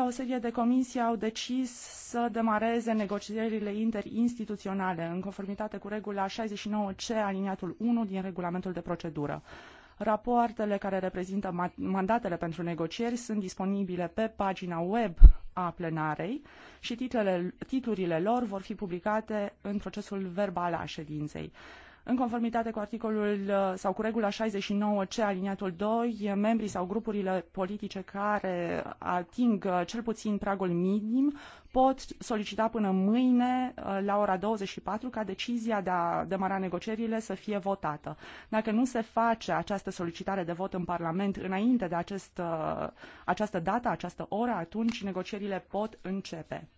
o serie de comisii au decis să demareze negocierile interinstituționale în conformitate cu regula 69C aliniatul 1 din regulamentul de procedură. Rapoartele care reprezintă mandatele pentru negocieri sunt disponibile pe pagina web a plenarei și titlele, titlurile lor vor fi publicate în procesul verbal al ședinței. În conformitate cu articolul uh, sau cu regula 69C aliniatul 2, membrii sau grupurile politice care ating uh, cel puțin pragul minim pot solicita până mâine uh, la ora 24 ca decizia de a demara negocierile să fie votată. Dacă nu se face această solicitare de vot în Parlament înainte de acest, această dată, această oră, atunci negocierile pot începe.